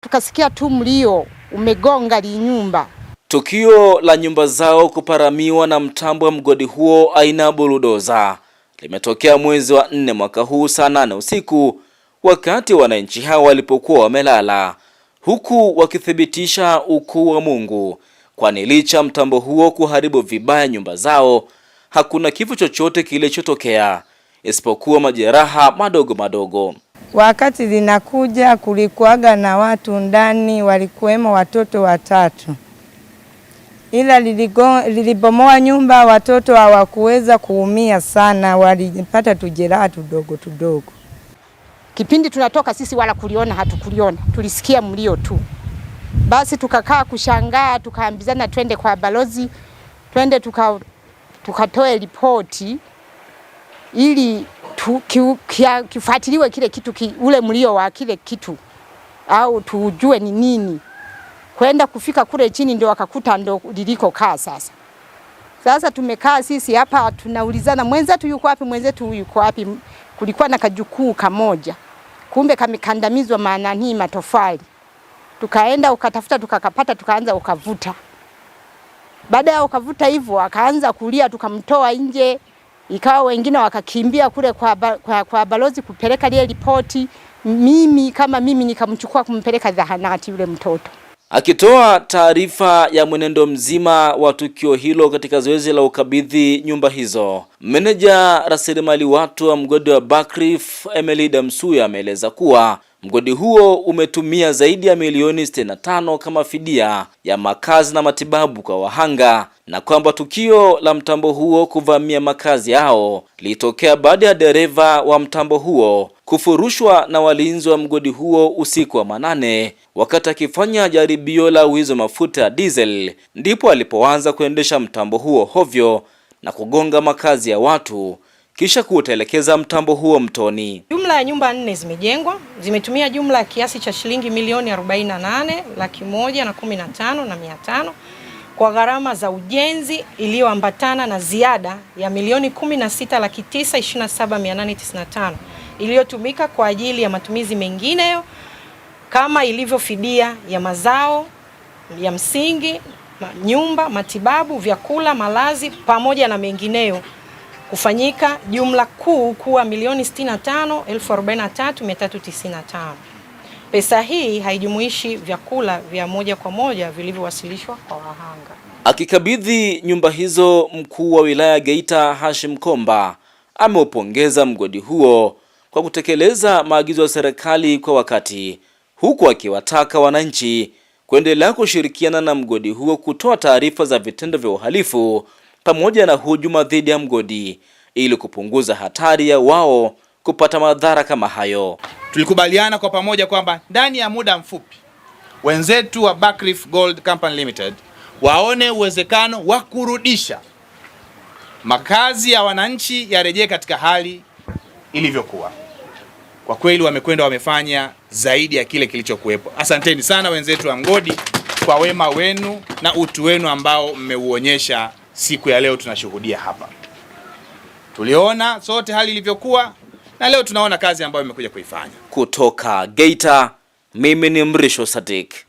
tukasikia tu mlio umegonga nyumba. Tukio la nyumba zao kuparamiwa na mtambo wa mgodi huo aina ya buludoza limetokea mwezi wa nne mwaka huu saa nane usiku wakati wananchi hao walipokuwa wamelala, huku wakithibitisha ukuu wa Mungu, kwani licha mtambo huo kuharibu vibaya nyumba zao, hakuna kifo chochote kilichotokea isipokuwa majeraha madogo madogo. Wakati linakuja kulikuwaga na watu ndani, walikuwemo watoto watatu, ila lilibomoa nyumba, watoto hawakuweza kuumia sana, walipata tujeraha tudogo tudogo. Kipindi tunatoka sisi wala kuliona hatukuliona, tulisikia mlio tu. Basi tukakaa kushangaa, tukaambizana twende kwa balozi, twende tukatoe tuka ripoti ili kifuatiliwe kile kitu ki, ule mlio wa kile kitu au tujue ni nini, kwenda kufika kule chini ndio wakakuta ndo liliko kaa sasa. Sasa tumekaa sisi hapa tunaulizana, mwenzetu yuko wapi? Mwenzetu yuko wapi? Kulikuwa na kajukuu kamoja, kumbe kamekandamizwa maana hii matofali. Tukaenda ukatafuta, tukakapata, tukaanza ukavuta. Baada ya ukavuta hivyo akaanza kulia, tukamtoa nje ikawa wengine wakakimbia kule kwa, ba, kwa, kwa balozi kupeleka ile ripoti. Mimi kama mimi nikamchukua kumpeleka zahanati yule mtoto. Akitoa taarifa ya mwenendo mzima wa tukio hilo katika zoezi la ukabidhi nyumba hizo, meneja rasilimali watu wa mgodi wa Buckreef Emily Damsuya ameeleza kuwa Mgodi huo umetumia zaidi ya milioni 65 kama fidia ya makazi na matibabu kwa wahanga na kwamba tukio la mtambo huo kuvamia makazi yao lilitokea baada ya dereva wa mtambo huo kufurushwa na walinzi wa mgodi huo usiku wa manane wakati akifanya jaribio la wizi wa mafuta ya diesel, ndipo alipoanza kuendesha mtambo huo hovyo na kugonga makazi ya watu kisha kuutaelekeza mtambo huo mtoni. Jumla ya nyumba nne zimejengwa, zimetumia jumla ya kiasi cha shilingi milioni 48 laki moja na kumi na tano na mia tano kwa gharama za ujenzi iliyoambatana na ziada ya milioni 16 laki 927895 iliyotumika kwa ajili ya matumizi mengineyo kama ilivyo fidia ya mazao ya msingi, nyumba, matibabu, vyakula, malazi pamoja na mengineyo kufanyika jumla kuu kuwa milioni 65,043,395. Pesa hii haijumuishi vyakula vya moja kwa moja vilivyowasilishwa kwa wahanga. Akikabidhi nyumba hizo, mkuu wa wilaya Geita Hashim Komba ameupongeza mgodi huo kwa kutekeleza maagizo ya serikali kwa wakati, huku akiwataka wananchi kuendelea kushirikiana na mgodi huo kutoa taarifa za vitendo vya uhalifu pamoja na hujuma dhidi ya mgodi ili kupunguza hatari ya wao kupata madhara kama hayo. Tulikubaliana kwa pamoja kwamba ndani ya muda mfupi wenzetu wa Buckreef Gold Company Limited waone uwezekano wa kurudisha makazi ya wananchi yarejee katika hali ilivyokuwa. Kwa kweli wamekwenda wamefanya zaidi ya kile kilichokuwepo. Asanteni sana wenzetu wa mgodi kwa wema wenu na utu wenu ambao mmeuonyesha siku ya leo tunashuhudia hapa. Tuliona sote hali ilivyokuwa na leo tunaona kazi ambayo imekuja kuifanya. Kutoka Geita, mimi ni Mrisho Sadiki.